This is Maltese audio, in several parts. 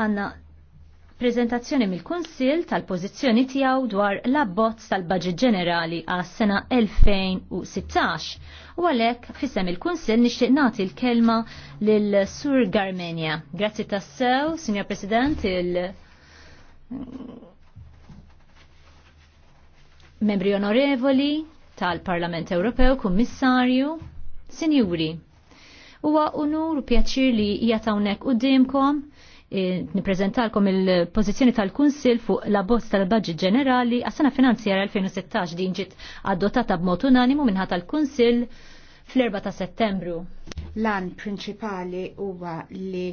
għanna prezentazzjoni mill-Kunsil tal-pożizzjoni tiegħu dwar l-abbozz tal-Baġit Ġenerali għas-sena 2016 u għalek fissem il-Kunsil nixtieq nagħti l-kelma lil Sur Garmenja. Grazzi tassew, Signor President, il membri onorevoli tal-Parlament Ewropew, Kummissarju, Sinjuri. Huwa unur u pjaċir li jgħatawnek u dimkom Eh, niprezentalkom il-pozizjoni tal-Kunsil fuq la bozz tal-Budget Ġenerali għas-sena finanzjara 2016 din ġiet adottata b'mod unanimu minħat tal-Kunsil fl-4 ta' settembru. Lan prinċipali huwa li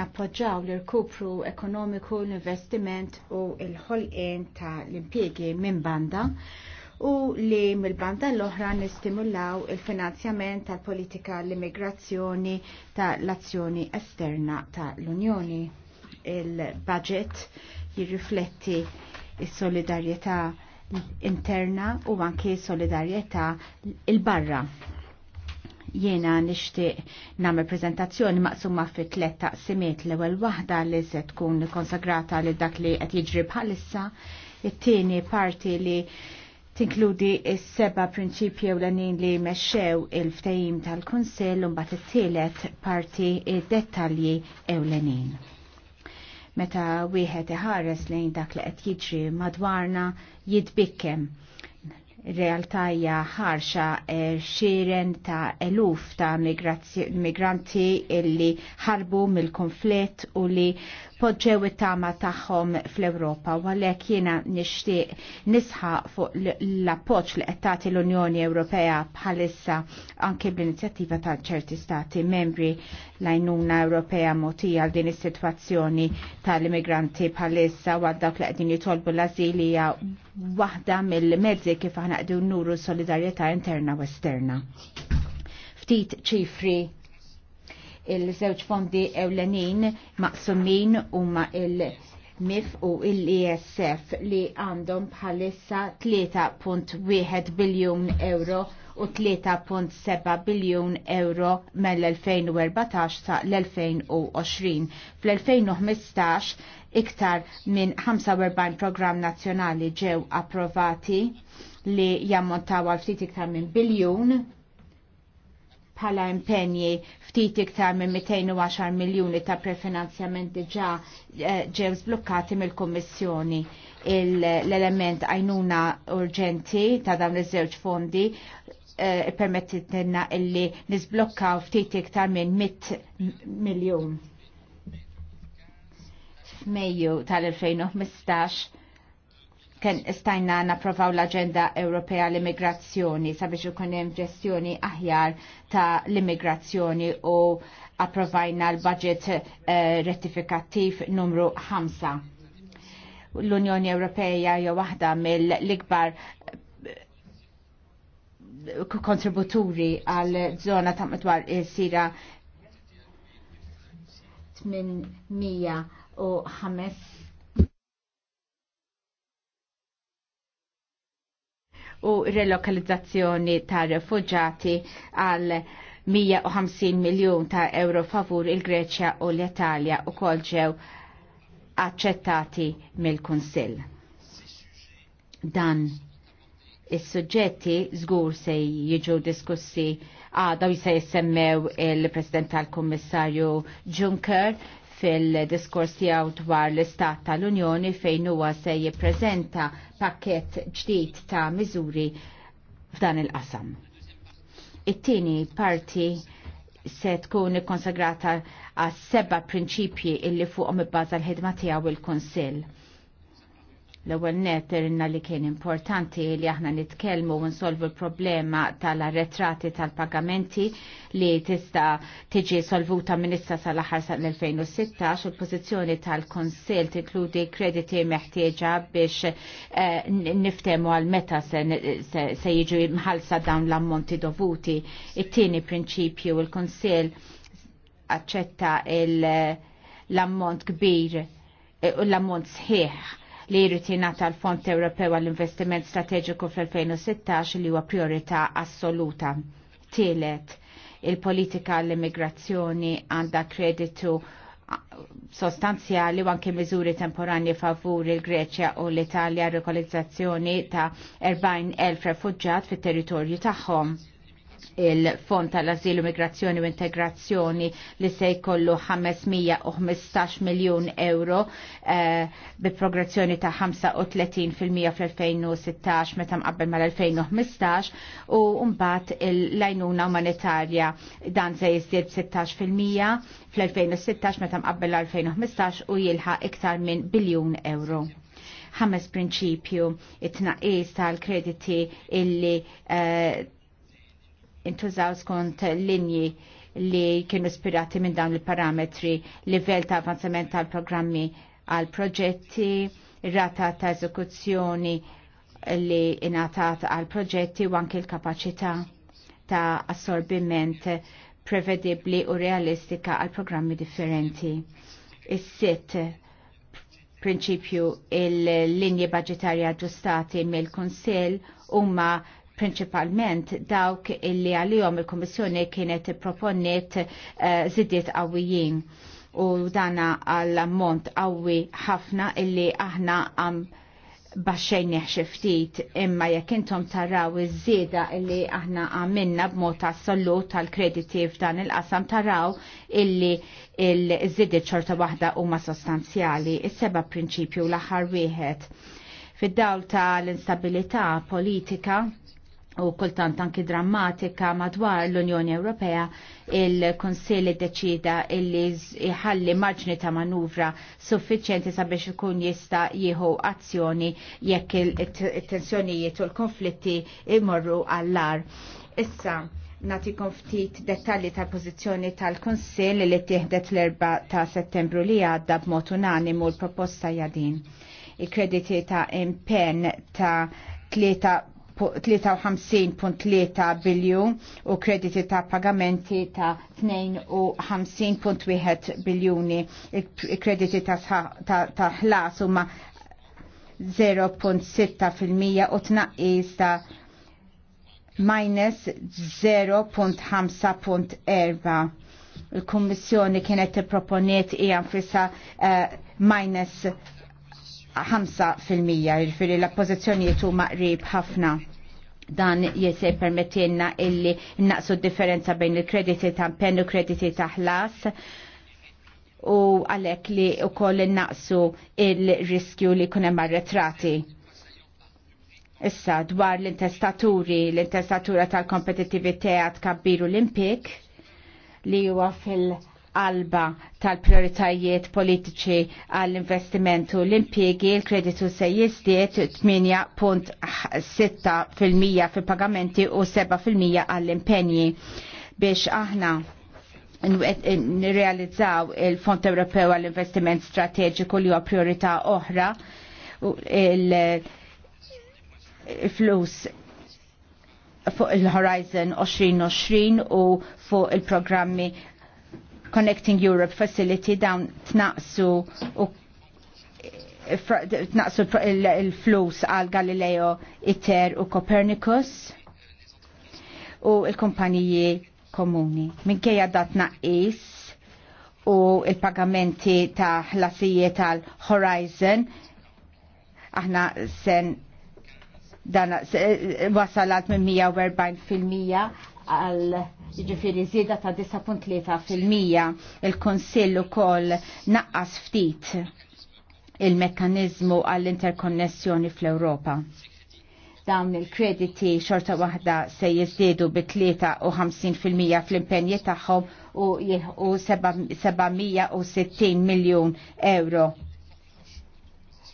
nappoġġaw l-irkupru ekonomiku, l-investiment u l-ħolqien ta' l-impjegi minn banda u li mill-banda l-oħra nistimulaw il-finanzjament tal-politika l-immigrazzjoni tal-azzjoni esterna tal-Unjoni il-budget jirrifletti il-solidarieta interna u anke solidarieta il-barra Jiena nishtiq namel prezentazzjoni maqsumma fi tlet taqsimiet l ewwel waħda li se tkun konsagrata li dak li qed jiġri bħalissa, it-tieni parti li tinkludi s-seba prinċipji u l-għanin li meċċew il-ftajim tal-Kunsell un bat it-tielet parti id-dettalji ewlenin meta wieħed iħares lejn dak li qed jiġri madwarna jitbikkem realtà hija ħarxa eh, xiren ta' eluf ta' migranti illi ħarbu mill-konflitt u li podġew it-tama tagħhom fl-Ewropa u għalhekk jiena nixtieq nisħaq fuq l-appoġġ li qed tagħti l-Unjoni Ewropea bħalissa anke bl-inizjattiva ta' ċerti stati membri l-għajnuna Ewropea motija għal din is-sitwazzjoni tal-immigranti bħalissa u għal dawk li qegħdin jitolbu l-azilija waħda mill-mezzi kif aħna qegħdin nuru solidarjetà interna u esterna. Ftit ċifri il-żewġ fondi ewlenin maqsumin huma il-MIF u l-ISF li għandhom bħalissa 3.1 biljun euro u 3.7 biljun euro mill-2014 sa l-2020. Fl-2015 iktar minn 45 program nazzjonali ġew approvati li jammontaw għal ftit iktar minn biljun bħala impenji ftit iktar minn 210 miljuni ta' prefinanzjament diġa eh, ġew sblokkati mill-Kummissjoni. L-element għajnuna urġenti ta' dawn iż-żewġ fondi eh, permettitina illi nisblokkaw ftit iktar minn 100 miljon. F'Mejju tal-2015 kien stajna napprovaw l-Aġenda Ewropea l-Immigrazzjoni sabiex ikun hemm ġestjoni aħjar ta' l-immigrazzjoni u approvajna l-budget eh, rettifikattiv numru 5. L-Unjoni Ewropea hija waħda mill-ikbar eh, kontributuri għal żona ta' madwar sira 805 u relokalizzazzjoni ta' refugjati għal 150 miljon ta' euro favur il-Greċja u l-Italja u kolġew accettati mill-Kunsill. Dan is-suġġetti żgur se jiġu diskussi għadaw jisa jissemmew il-President tal-Kummissarju Juncker fil-diskors tiegħu dwar l-Istat tal-Unjoni fejn huwa se jippreżenta pakkett ġdid ta' miżuri f'dan il-qasam. It-tieni parti se tkun ikkonsagrata għas seba' prinċipji illi fuqhom ibbaża l-ħidma tiegħu il-Kunsill L-ewwel net irna li kien importanti li aħna nitkellmu u nsolvu l-problema tal-arretrati tal-pagamenti li tista' tiġi solvuta minissa sal-aħħar sal-2016 u l-pożizzjoni tal-Konsil tinkludi krediti meħtieġa biex eh, niftemu għal meta se jiġu mħalsa dawn l-ammonti dovuti. It-tieni prinċipju il-Konsil aċċetta l-ammont kbir u eh, l-ammont sħiħ li jrid tal l-Fond Ewropew għall-Investiment Strateġiku fl-2016 li huwa priorità assoluta. Tielet, il-politika l-immigrazzjoni għandha kreditu sostanzjali u anke miżuri temporani favur il-Greċja u l-Italja rikolizzazzjoni ta' 40.000 refugġat fit-territorju tagħhom il-Fond tal-Azilu Migrazzjoni u Integrazzjoni li se jkollu 515 miljon euro eh, bi progressjoni ta' 35% fil-2016 meta mqabbel mal-2015 u mbagħad l-lajnuna umanitarja dan se jiżdied 16% fl-2016 meta mqabbel l-2015 u jilħaq iktar minn biljun euro ħames prinċipju it-tnaqis tal-krediti illi eh, intużaw skont linji li kienu ispirati minn dawn il-parametri, livell ta' avanzament tal-programmi għal proġetti, rata ta' eżekuzzjoni li inatat għal proġetti u anke l-kapacità ta' assorbiment prevedibli u realistika għal programmi differenti. Is-sitt prinċipju il-linji budgetarja ġustati mill-Konsil huma principalment dawk illi għalihom il komissjoni kienet proponiet uh, eh, zidiet qawwijin u dana għall ammont qawwi ħafna illi aħna għam baxxejn ftit imma jekk intom taraw iż-żieda illi aħna għamilna b'mod assolut tal-krediti f'dan il-qasam taraw illi il-żidiet xorta waħda huma sostanzjali, is-seba' prinċipju l-aħħar wieħed fid-dawl tal-instabilità politika u kultant anki drammatika madwar l-Unjoni Ewropea il konsili deċida illi jħalli marġni ta' manuvra suffiċenti sabiex ikun jista' jieħu azzjoni jekk il-tensjonijiet u l-konflitti imorru għallar. Issa, nati ftit dettalji tal-pozizjoni tal-Konsill li tieħdet l-4 ta' settembru li għadda b'mod unanimu l-proposta jadin. Il-krediti ta' impen ta' 3 53.3 biljun u krediti ta' pagamenti ta' 52.1 biljuni. Il-krediti ta' ħlas huma 0.6% u tnaqqis ta' minus 0.5.4. il kummissjoni kienet proponiet ijan fissa uh, eh, minus 5% jirfiri l-appozizjonijiet huma qrib ħafna dan jese permettilna illi naqsu differenza bejn il-krediti ta' pennu krediti ta' ħlas u għalek li u koll naqsu il-riskju li kunem retrati. Issa dwar l-intestaturi, l-intestatura tal-kompetitività kabbiru l-impik li huwa fil- għalba qalba tal-prioritajiet politiċi għall-investimentu l-impiegi l-kreditu se jistiet 8.6% fil-pagamenti u 7% għall-impenji biex aħna nirrealizzaw il-Fond Ewropew għall-Investiment Strateġiku li huwa priorità oħra il-flus fuq il-Horizon 2020 u fuq il-programmi Connecting Europe Facility dawn tnaqsu u tnaqsu il-flus għal Galileo Iter u Copernicus u il-kumpaniji komuni. Minkejja dat naqis u il-pagamenti ta' ħlasijiet tal Horizon aħna sen dan wasal għal 140% għal ġifiri zida ta' 10.3% il konsillu ukoll naqqas ftit il-mekkanizmu għall-interkonnessjoni fl-Ewropa. Dawn il-krediti xorta waħda se jizdidu bi 53% fl-impenji tagħhom u 760 miljon euro.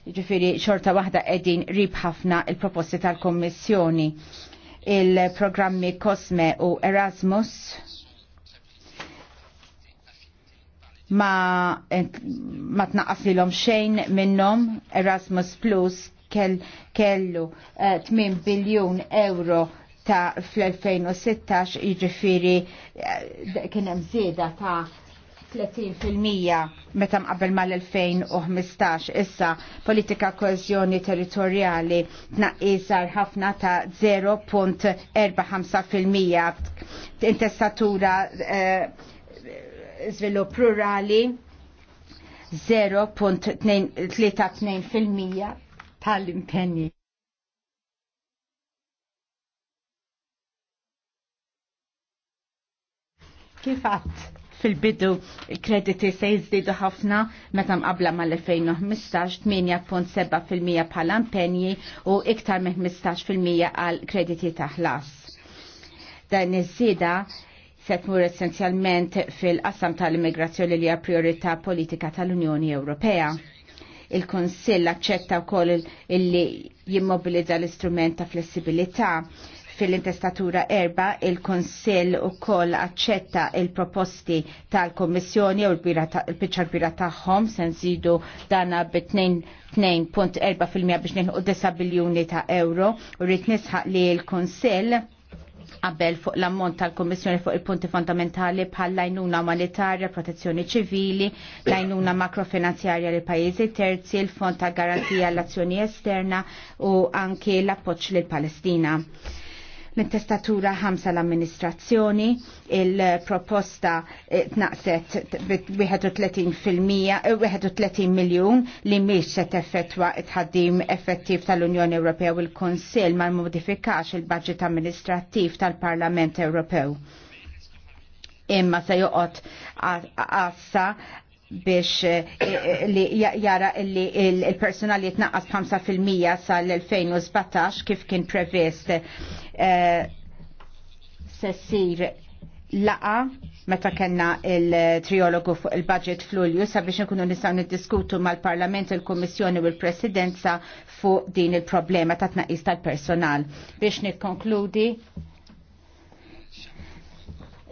Ġifiri xorta waħda edin rib ħafna il-proposti tal-Kommissjoni il-programmi Cosme u Erasmus ma, ma tnaqqas xejn minnom Erasmus Plus kell, kellu uh, eh, 8 biljun euro ta' fl-2016 jiġifieri uh, kien hemm ta' 30% meta mqabel mal-2015 issa politika koezjoni territorjali tnaqqisar ħafna ta' 0.45% intestatura żvilupp eh, rurali 0.32% tal-impenni. Kif Fil-bidu krediti se jizdidu ħafna meta mqabla mal-2015 8.7% bħala impenji u iktar minn 15% għal krediti taħlas. Dan iż-żieda se tmur essenzjalment fil-qasam tal-immigrazzjoni li hija priorità politika tal-Unjoni Ewropea il-Konsill aċċetta wkoll illi jimmobilizza l-istrument ta' flessibilità fil-intestatura erba il-Konsil u koll accetta il-proposti tal-Kommissjoni u l-bicċa bira taħħom sen zidu dana b 2.4% biex nilħu 9 biljoni ta' euro u rrit nisħaq li l-Konsil qabel fuq l-ammont tal-Kommissjoni fuq il-punti fondamentali bħal lajnuna umanitarja, protezzjoni ċivili, lajnuna makrofinanzjarja li pajjiżi terzi, il-fond ta' garantija l-azzjoni esterna u anke l-appoċ l Palestina. L-intestatura ħamsa l-amministrazzjoni, il-proposta eh, tnaqset eh, 31 miljon li miex se teffettwa tħaddim effettiv tal-Unjoni Ewropea u l-Konsil ma modifikax il-budget amministrattiv tal-Parlament Ewropew imma se joqgħod għassa biex eh, eh, li jara li il-personal jitnaqqas 5% sal-2017 kif kien previst eh, sessir laqa meta kena il-triologu fuq il-budget fl-ulju sabiex nkunu nistaw niddiskutu mal-Parlament, il kummissjoni u l-Presidenza fuq din il-problema ta' tnaqis tal-personal. Biex nikkonkludi,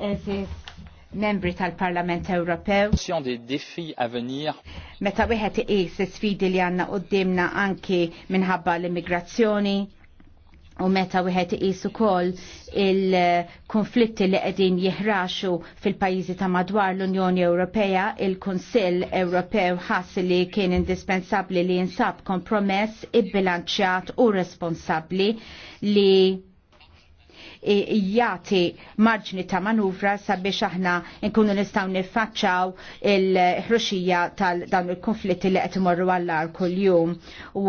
eżis membri tal-Parlament Ewropew. Meta wieħed iqis is-sfidi li għandna qudiemna anki minħabba l-immigrazzjoni u meta wieħed iqis ukoll il-konflitti li qegħdin jihraxu fil-pajjiżi ta' madwar l-Unjoni Ewropea, il-Kunsill Ewropew ħass li kien indispensabbli li jinsab kompromess ibbilanċjat u responsabbli li jati marġni ta' manuvra sabiex aħna nkunu nistaw nifacċaw il-ħruxija tal-dawn il-konflitti li qed imorru għallar kull-jum u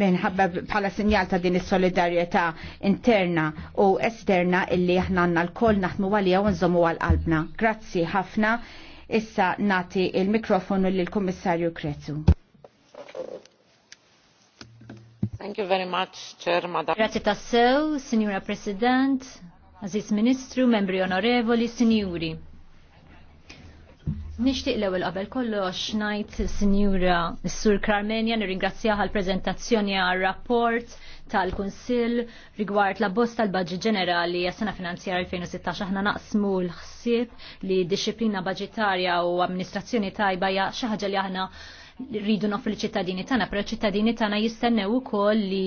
minħabba bħala sinjal ta' din is-solidarjetà interna u esterna illi aħna għandna l-koll naħdmu għalija u nżommu għal-qalbna. Grazzi ħafna. Issa nati il-mikrofonu lill-Kummissarju Krezu. Thank you very much, Chair, Madam. Grazie tassew, Signora President, Aziz Ministru, membri onorevoli, Signori. Nishtiq l-ewel qabel kollox najt Signora Sur Carmenja nirringrazzjaha għal-prezentazzjoni għal-rapport tal-Kunsill rigward la bosta tal-Budget Ġenerali għas-sena finanzjar 2016 aħna naqsmu l-ħsieb li disciplina budgetarja u amministrazzjoni tajba ja xi ħaġa li aħna rridu nofu l-ċittadini tagħna, però ċittadini tagħna jistennew ukoll li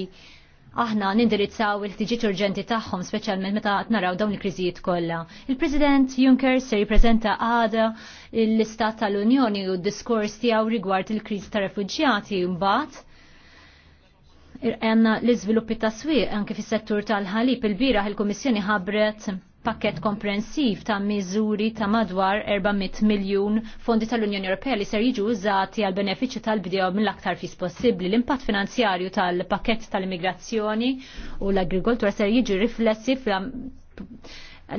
aħna nindirizzaw il-ħtiġiet urġenti tagħhom, speċjalment meta qed naraw dawn il-kriżijiet kollha. Il-President Juncker se jippreżenta għada l-Istat tal-Unjoni u d-diskors tiegħu rigward il-kriżi ta' refuġjati mbagħad għanna l-iżviluppi ta' swieq anke fis-settur tal-ħalib il-biraħ il-Kummissjoni ħabret pakket komprensiv ta' miżuri ta' madwar 400 miljun fondi tal-Unjoni Ewropea li ser jiġu użati għal benefiċċju tal-bdew mill-aktar fis possibbli. L-impatt finanzjarju tal-pakket tal-immigrazzjoni u l-agrikoltura ser jiġu riflessi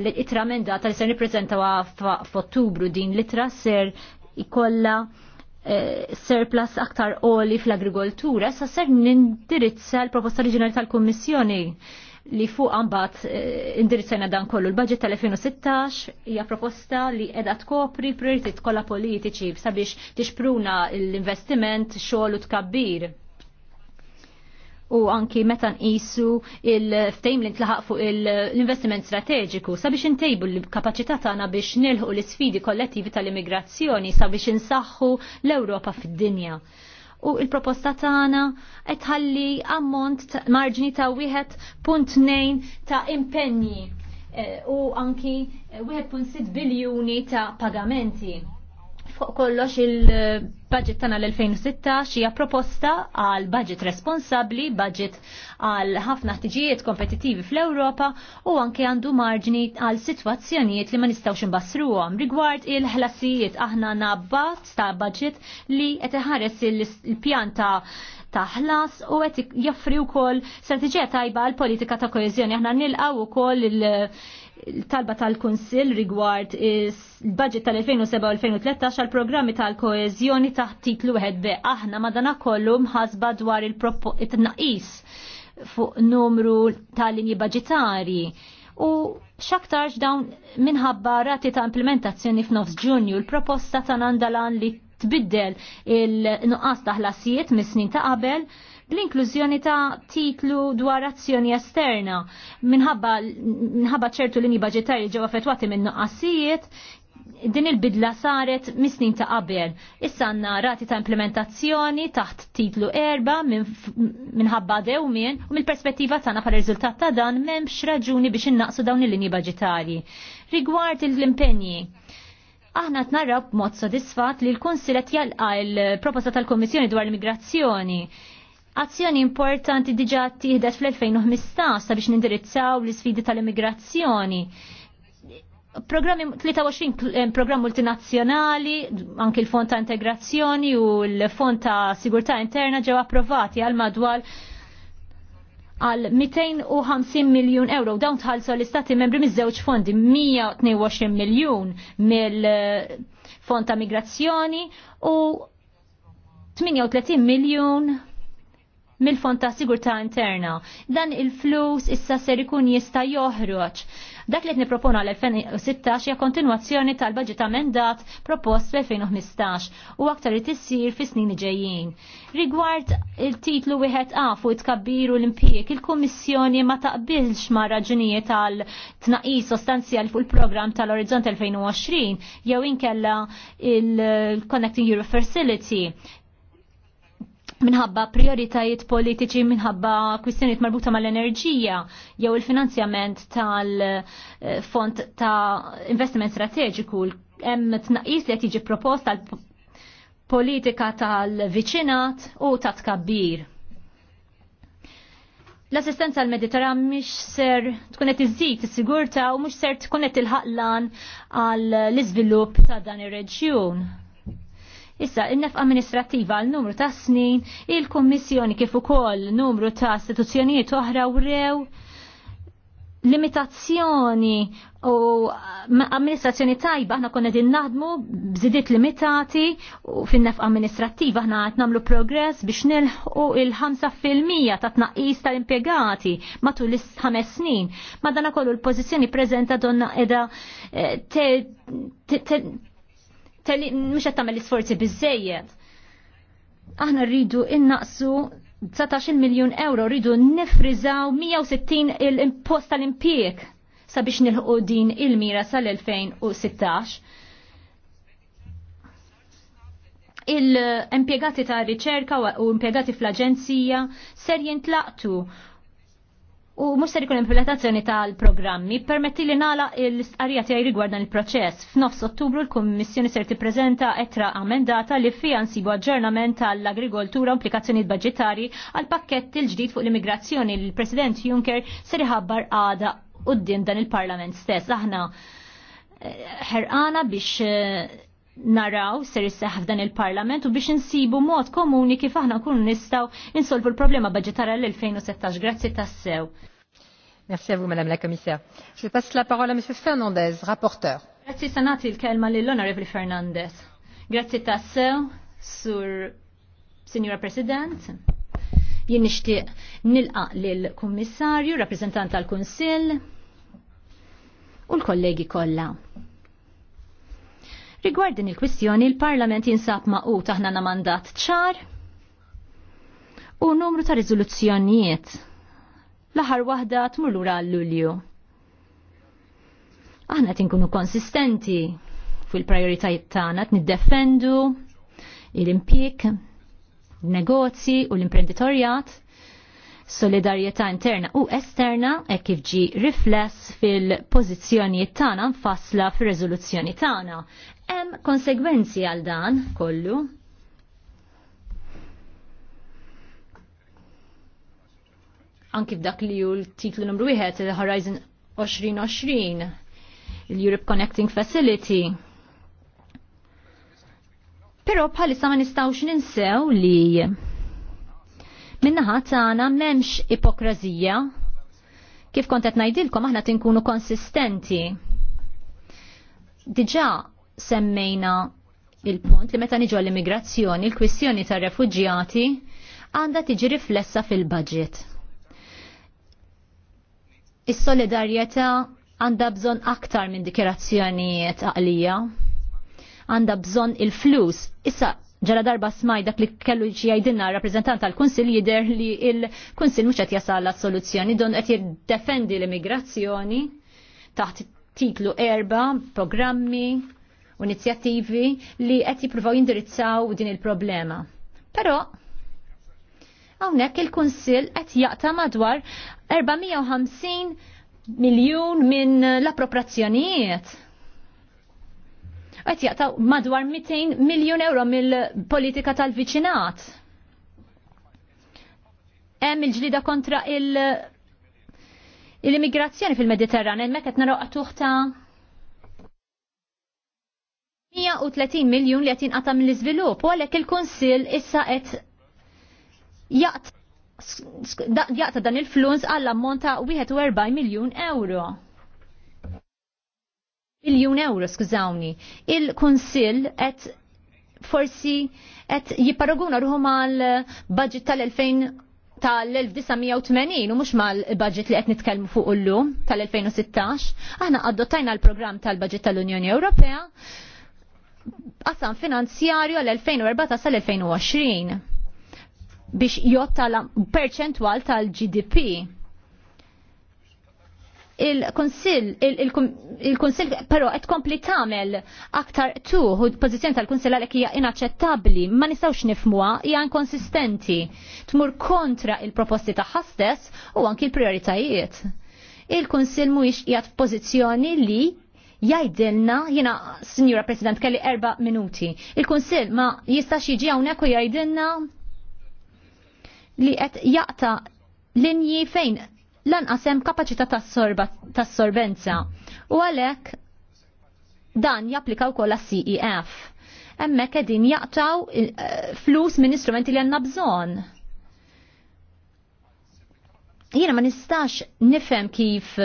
l-itra mendata li ser nippreżentaw f'Ottubru din l-itra ser ikolla eh, surplus aktar oli fl-agrikoltura, sa ser nindirizza l-proposta oriġinali tal kummissjoni li fuq għambat eh, indirizzajna dan kollu. Il-budget tal-2016 hija proposta li edha tkopri prioritit kolla politiċi sabiex tixpruna l-investiment xogħol u tkabbir. U anki meta nqisu il-ftejm li ntlaħaq fuq l-investiment strateġiku sabiex intejbu l-kapaċità tagħna biex nilħu l-isfidi kollettivi tal-immigrazzjoni sabiex insaħħu l-Ewropa fid-dinja u il-proposta tagħna qed ħalli ammont marġni ta' 1.2 ta' impenji eh, u anki 1.6 eh, biljuni ta' pagamenti fuq kollox il-budget tana l-2016 xija proposta għal budget responsabli, budget għal ħafna ħtiġijiet kompetitivi fl-Ewropa u anke għandu marġni għal sitwazzjonijiet li ma nistgħux imbassruhom. Rigward il-ħlasijiet aħna nabbat ta' budget li qed iħares il-pjanta ħlas u qed joffri wkoll strateġija tajba għal politika ta' koeżjoni. Aħna nilqgħu wkoll il- talba tal-Kunsill rigward il-budget tal-2007-2013 għal programmi tal-koezjoni taħt titlu għed be Aħna madana kollu mħasba dwar il naqis fuq numru tal-linji budgetari. U xaktarx dawn minħabba rati ta' implementazzjoni f'nofs ġunju l-proposta ta' nandalan li tbiddel il-nuqqas taħlasijiet mis-snin ta' qabel l-inklużjoni ta' titlu dwar azzjoni esterna minħabba ċertu l-inji budġetarji ġew affettwati minn nuqqasijiet din il-bidla saret mis-snin ta' qabel. Issa għanna rati ta' implementazzjoni taħt titlu erba minħabba dewmien u mill-perspettiva tagħna bħal riżultat ta' dan m'hemmx raġuni biex innaqsu dawn il-linji budġetarji. Rigward l-impenji, aħna tnarrab b'mod sodisfat li l-Kunsilet jalqa il proposta tal kummissjoni dwar l-immigrazzjoni Azzjoni importanti diġa tiħdet fl-2015 sabiex nindirizzaw l-isfidi tal-immigrazzjoni. Programmi 23 eh, programm multinazzjonali, anki l-Fond ta' Integrazzjoni u l-Fond ta' Sigurtà Interna ġew approvati għal madwar għal 250 miljon euro. Dawn tħallsu l-istati membri miż-żewġ fondi 122 miljun mill-Fond eh, ta' Migrazzjoni u 38 miljon mill-fond ta' sigurtà interna. Dan il-flus issa ser ikun jista' joħroġ. Dak li qed niproponu għal 2016 hija kontinwazzjoni tal-baġit amendat propost fl-2015 u aktar li tissir fis snin ġejjin. Rigward il-titlu wieħed A fuq it-kabbiru l-impjieg, il-Kummissjoni ma taqbilx ma' raġunijiet tal-tnaqis sostanzjali fuq il-programm tal-Orizzont 2020 jew inkella il-Connecting Euro Facility minħabba prioritajiet politiċi, minħabba kwistjoniet marbuta mal-enerġija, jew il-finanzjament tal-fond ta' investiment strateġiku, hemm tnaqis li qed jiġi propost tal-politika tal-viċinat u ta' tkabbir. L-assistenza l mediterran mhix ser tkun qed iżid is-sigurta u mhux ser tkun qed il-ħaqlan għall iżvilupp ta' dan ir-reġjun Issa, innef amministrativa għal numru ta' snin, il-Kommissjoni kif ukoll numru ta' istituzzjonijiet oħra rew, limitazzjoni u amministrazzjoni tajba aħna konna din naħdmu bżidiet limitati u fin-nef amministrattiva aħna qed nagħmlu progress biex nilħu il-5% ta' tnaqqis tal-impjegati matul is-ħames snin. Madana kollu l-pożizzjoni preżenta donna qiegħda eh, mhux qed tagħmel isforzi biżejjed. Aħna rridu innaqsu 19 miljun euro rridu nifrizaw 160 il imposta tal impiek sabiex nilħu din il-mira sal-2016 il-impiegati ta' riċerka u impiegati fl-aġenzija ser jintlaqtu u mux ser ikun implementazzjoni tal-programmi permetti li nala l istqarija tiegħi rigwardan il-proċess. F'nofs Ottubru l-Kummissjoni ser tippreżenta etra amendata li fija nsibu aġġornament tal-agrikoltura implikazzjoni budġetari għal pakkett il-ġdid fuq l-immigrazzjoni li l-President Juncker ser iħabbar għada qudiem dan il-Parlament stess. Aħna eh, ħerqana biex eh, naraw ser isseħ f'dan il-parlament u biex insibu mod komuni kif aħna nkunu nistgħu insolvu l-problema budġetarja l-2016. Grazzi tassew. Merci à vous, Madame la Commissaire. Je passe la parole à Monsieur Fernandez, rapporteur. Grazie sanati il-kelma lill honorable Fernandez. Grazie tassew, sur Signora President. Jien nixtieq nilqa lill-Kummissarju, rappreżentant tal-Kunsill u l-kollegi kollha. Rigward din il-kwistjoni, il-Parlament jinsab ma'qu aħna na mandat ċar u numru ta' riżoluzzjonijiet l-aħar wahda tmur lura lulju Aħna tinkunu konsistenti fil-prioritajiet tagħna niddefendu l-impjek, negozji u l-imprenditorjat, solidarjetà interna u esterna e kif ġi rifless fil-pożizzjonijiet tagħna nfassla fir-riżoluzzjoni tagħna. Hemm konsegwenzi għal dan kollu anki f'dak li hu l-titlu numru wieħed il-Horizon 2020, il-Europe Connecting Facility. Però bħalissa ma nistgħux ninsew li minnaħa tagħna m'hemmx ipokrazija. Kif kont qed ngħidilkom aħna tinkunu konsistenti. Diġà semmejna il-punt li meta niġu l immigrazzjoni il-kwistjoni tar-refuġjati għandha tiġi riflessa fil-budget Is-solidarjetà għandha bżonn aktar minn dikjerazzjonijiet għalija. Għandha bżonn il-flus. Issa ġara darba smaj dak li kellu ġijajdinna rappresentant tal-Kunsil jider li il-Kunsil mux qed jasal soluzzjoni don qed jiddefendi l-immigrazzjoni taħt titlu erba, programmi u inizjattivi li qed jippruvaw jindirizzaw din il-problema. Però hawnhekk il-Kunsill qed jaqta' madwar 450 miljun minn l-appropriazzjonijiet għet jaqta' madwar 200 miljon euro mill-politika tal-viċinat. Hemm il-ġlida kontra l-immigrazzjoni fil-Mediterran, hemmhekk qed naraw qatuħ ta' 130 miljun li qed jinqata' mill-iżvilupp, u għalhekk il-Kunsill issa qed jaqt dan il flus għall monta ta' 41 miljun euro. Miljun euro, skużawni. Il-Konsil qed forsi qed jiparaguna ruħu mal-budget tal-2000 tal-1980 u mux mal-budget li qed nitkellmu fuq illum tal-2016, aħna adottajna l-programm tal-budget tal-Unjoni Ewropea qasam finanzjarju għal 2014 sal-2020 biex jotta perċentwal tal-GDP. Il-Konsil, il-Konsil, però qed kompli tagħmel aktar tuħ u l-pożizzjoni tal konsil għalek hija inaċċettabbli, ma nistgħux nifmuha, hija inkonsistenti, tmur kontra il-proposti ta' ħastess u anki l prioritajiet Il-Kunsill mhuwiex qiegħed f'pożizzjoni li jajdilna, jina, Signora President, kelli erba minuti. Il-Konsil ma jistax jiġi hawnhekk u jajdilna li qed jaqta linji fejn lanqas hemm kapaċità tas-sorbenza. U għalhekk dan japplika wkoll għas-CEF. Hemmhekk qegħdin jaqtaw eh, flus minn istrumenti li għandna bżonn. Jiena ma nistax nifhem kif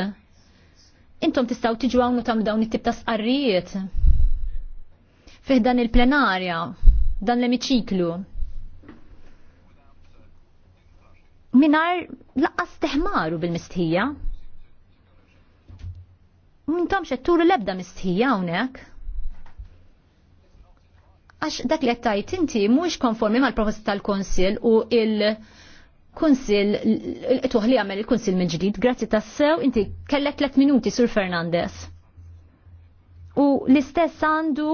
intom tistaw tiġu għawnu tam dawn it-tip ta' sqarrijiet. Fih dan il-plenarja, dan l-emiċiklu, minar laqqas teħmaru bil-mistħija. Mintom xetturu lebda mistħija unek. Għax dak li għattajt inti mux konformi mal proposta tal-konsil u il- Kunsil, tuħli għamel il-Kunsil minn ġdid, grazzi sew inti kellek 3 minuti sur Fernandez. U l-istess għandu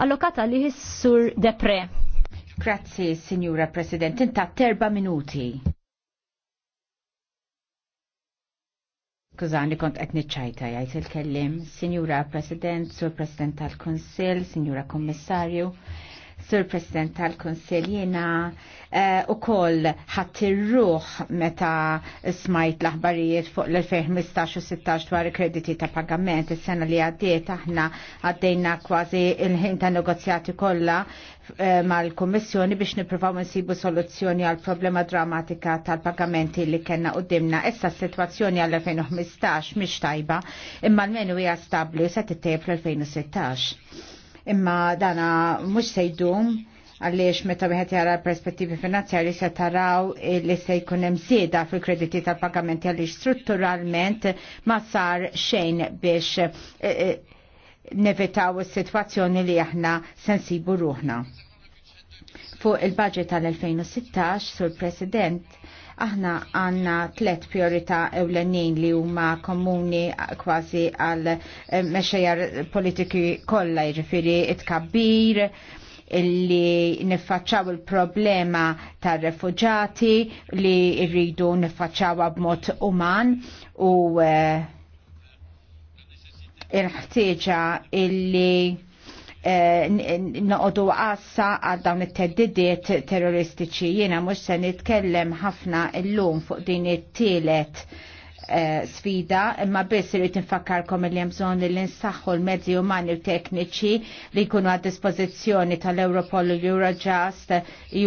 allokata li sur Depre. Grazzi, Signora President, inta terba minuti. Kużani kont qed niċċajta jgħid il-kellim, Sinjura President, Sur President tal konsil Sinjura Kommissarju, Sur President tal-Konsel jena eh, u koll ħattirruħ meta smajt l-aħbarijiet fuq l-2015 u 16 dwar krediti ta' pagament. Is-sena li għaddiet aħna għaddejna kważi il-ħin ta' negozjati kollha eh, mal-Kommissjoni biex niprofaw nsibu soluzzjoni għal problema drammatika tal-pagamenti li kena u dimna. Issa s-situazzjoni għal-2015 miex tajba imma l-menu hija stabli u se tittejjeb fl-2016 imma dana mhux se jdum għalliex meta wieħed jara l-perspettivi finanzjarji se taraw li se jkun hemm sieda fil-krediti tal-pagamenti għaliex strutturalment ma sar xejn biex eh, eh, nevitaw is-sitwazzjoni li aħna sensibu ruħna. Fuq il-budget tal-2016, sur President, Aħna għanna tlet priorità ewlenin li huma komuni kważi għal eh, mexejjar politiki kollha jiġifieri it-kabbir, illi niffaċċaw il-problema tar refuġati li rridu niffaċċawha b'mod uman u uh, il-ħtieġa illi Eh, noqodu għassa għad dawn it-teddidiet terroristiċi. Jiena mhux se nitkellem ħafna illum fuq din it-tielet Eh, sfida, imma biss irrid infakkarkom li hemm bżonn li nsaħħu l-mezzi umani u tekniċi li jkunu għad dispożizzjoni tal-Europol u Eurojust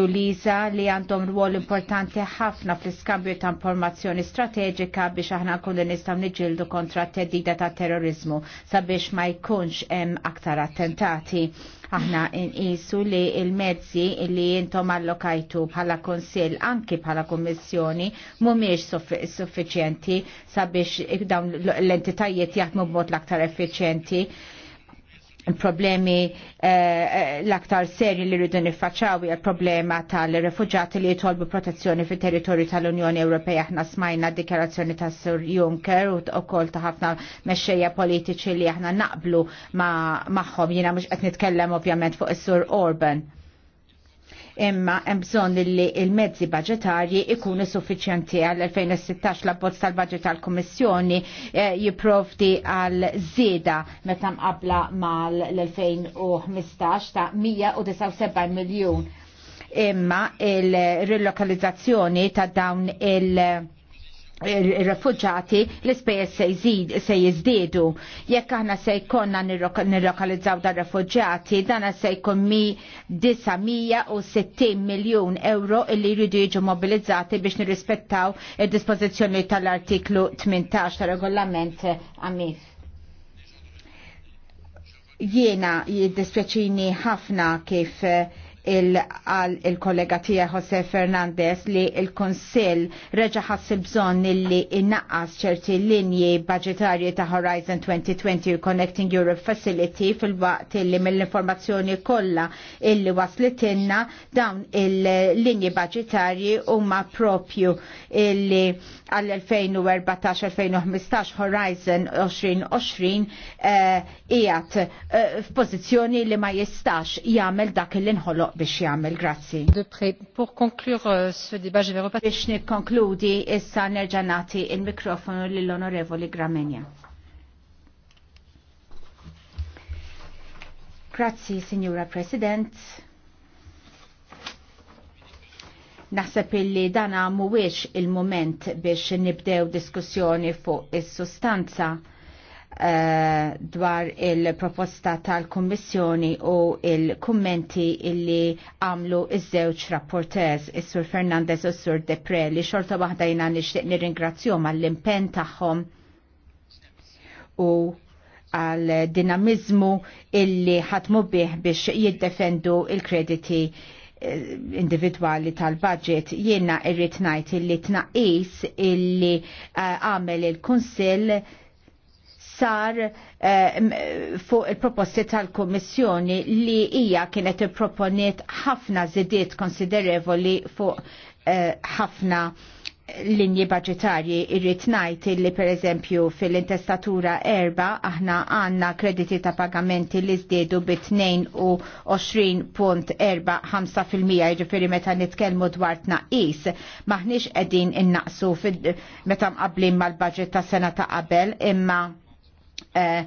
u Lisa li għandhom rwol importanti ħafna fl-iskambju ta' informazzjoni strateġika biex aħna nkunu nistgħu niġildu kontra t-teddida ta' terrorizmu sabiex ma jkunx hemm aktar attentati. Aħna nqisu li il-mezzi li jintom allokajtu bħala konsil anki bħala kommissjoni mumiex suffiċjenti sabiex dawn l-entitajiet jaħdmu b'mod l-aktar effiċjenti il-problemi eh, eh, l-aktar seri li rridu niffaċċaw hija problema tal-refuġati li jitolbu protezzjoni fit territorju tal-Unjoni Ewropea aħna smajna dikjarazzjoni ta' Sir Juncker u wkoll ta' ħafna mexxejja politiċi li aħna naqblu magħhom jiena mhux qed nitkellem ovvjament fuq is-Sur Orban imma hemm bżonn li l-mezzi budgetarji ikunu suffiċjenti għal-2016 l-abbozz tal-budget tal-Kummissjoni eh, jipprovdi għal żieda meta mqabla mal-2015 ta' 179 miljun imma il-rilokalizzazzjoni ta' dawn il- il-refugġati l-ispejjeż se se jiżdiedu. Jekk aħna se jkollna nirlokalizzaw dar refugġati, dan se jkun mi 960 miljun euro li jridu jiġu mobilizzati biex nirrispettaw id-dispożizzjoni tal-artiklu 18 tar-regolament għamif. Jiena jiddispjaċini ħafna kif uh, il-kollega tija Jose Fernandez li il-Konsil reġa ħassib bżon li innaqqas ċerti linji budgetarji ta' Horizon 2020 u Connecting Europe Facility fil-waqt li mill-informazzjoni kollha illi waslitinna dawn il-linji budgetarji huma propju illi għall-2014-2015 Horizon 2020 eh, qiegħed uh, f'pożizzjoni li ma jistax jagħmel dak il-inħoloq biex jagħmel. Grazzi. Pour conclure euh, ce débat, je vais Biex nikkonkludi issa nerġa' nagħti il-mikrofonu lill-Onorevoli Gramenja. Grazzi, Signora President. Naħseb illi dan mhuwiex il-moment biex nibdew diskussjoni fuq is-sustanza. il sustanza Eh, dwar il-proposta tal-Kommissjoni u il-kummenti illi għamlu iż-żewġ rapportez, is-Sur Fernandez u s-Sur Depre, li xorta waħda jina nixtieq nirringrazzjom għall-impen tagħhom u għal dinamizmu illi ħatmu bih biex jiddefendu il-krediti eh, individuali tal-budget jiena irrit ngħid illi tnaqis illi eh, għamel il-Kunsill sar eh, fuq il-proposti tal-Kommissjoni li hija kienet proponiet ħafna zidiet konsiderevoli fuq eh, ħafna linji budgetarji irrit najt li per eżempju fil-intestatura erba aħna għanna krediti ta' pagamenti li zdiedu bi 22.45% ġifiri meta nitkelmu dwar tnaqis maħniex edin innaqsu meta mqablin mal-budget ta' sena ta' qabel imma Eh,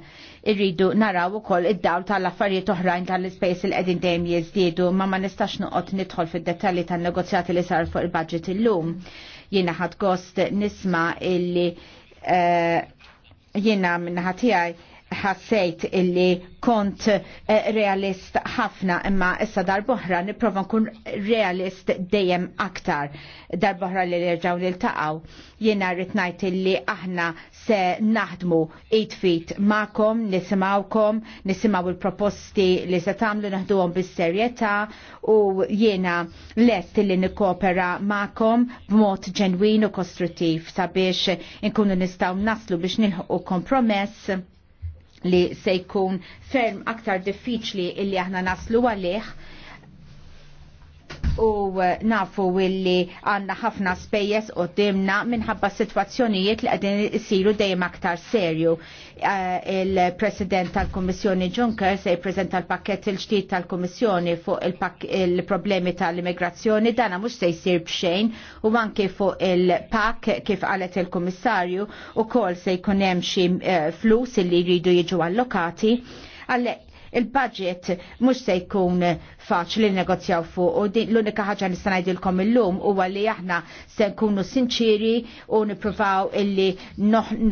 irridu naraw ukoll id-dawl tal-affarijiet oħrajn tal-ispejs il qegħdin dejjem jiżdiedu ma ma nistax noqgħod nidħol fid-dettalji tan-negozjati li sar fuq il-budget illum. Jiena ħadd gost nisma' illi eh, jiena minn tiegħi ħassejt illi kont eh, realist ħafna imma issa darbohra niprofa nkun realist dejjem aktar darbohra li rġaw li l-taqaw jena rritnajt illi aħna se naħdmu id fit ma'kom, nisimawkom, nisimaw il-proposti li se tamlu naħduhom bis-serjetà u jena lest illi nikopera ma'kom b'mod ġenwin u kostruttiv sabiex nkunu nistaw naslu biex nilħu kompromess li se jkun ferm aktar diffiċli illi aħna naslu għalih u eh, nafu illi għanna ħafna spejjes u dimna minħabba situazzjonijiet li għadin isiru dejjem aktar serju. Eh, Il-President tal-Kommissjoni Juncker se jiprezenta l-pakket il-ġdid tal-Kommissjoni fuq il-problemi tal-immigrazzjoni dana mhux se jsir b'xejn u anke fuq il-pak kif qalet il-Kummissarju u kol se jkun hemm xi eh, flus li jridu jiġu allokati. Għallek il-budget mhux se jkun faċli negozjaw fuq u l-unika ħaġa li ngħidilkom illum huwa li aħna se nkunu sinċiri u nippruvaw illi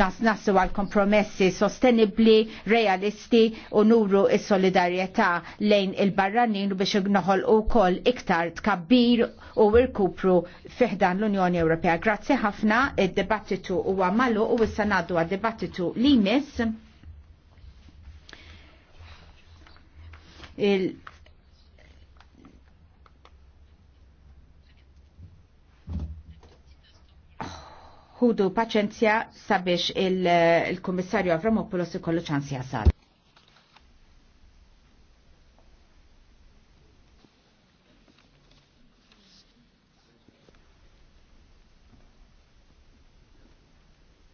nasnasu għal kompromessi sostenibbli, realisti u nuru is-solidarjetà lejn il-barranin biex u wkoll iktar tkabbir u irkupru fiħdan l-Unjoni Ewropea. Grazzi ħafna, id-dibattitu huwa għamalu u issa ngħaddu għad-dibattitu li mis. il- Hudu, paċenzja sabiex il komissarju il Avramopoulos ikollu ċans jasal.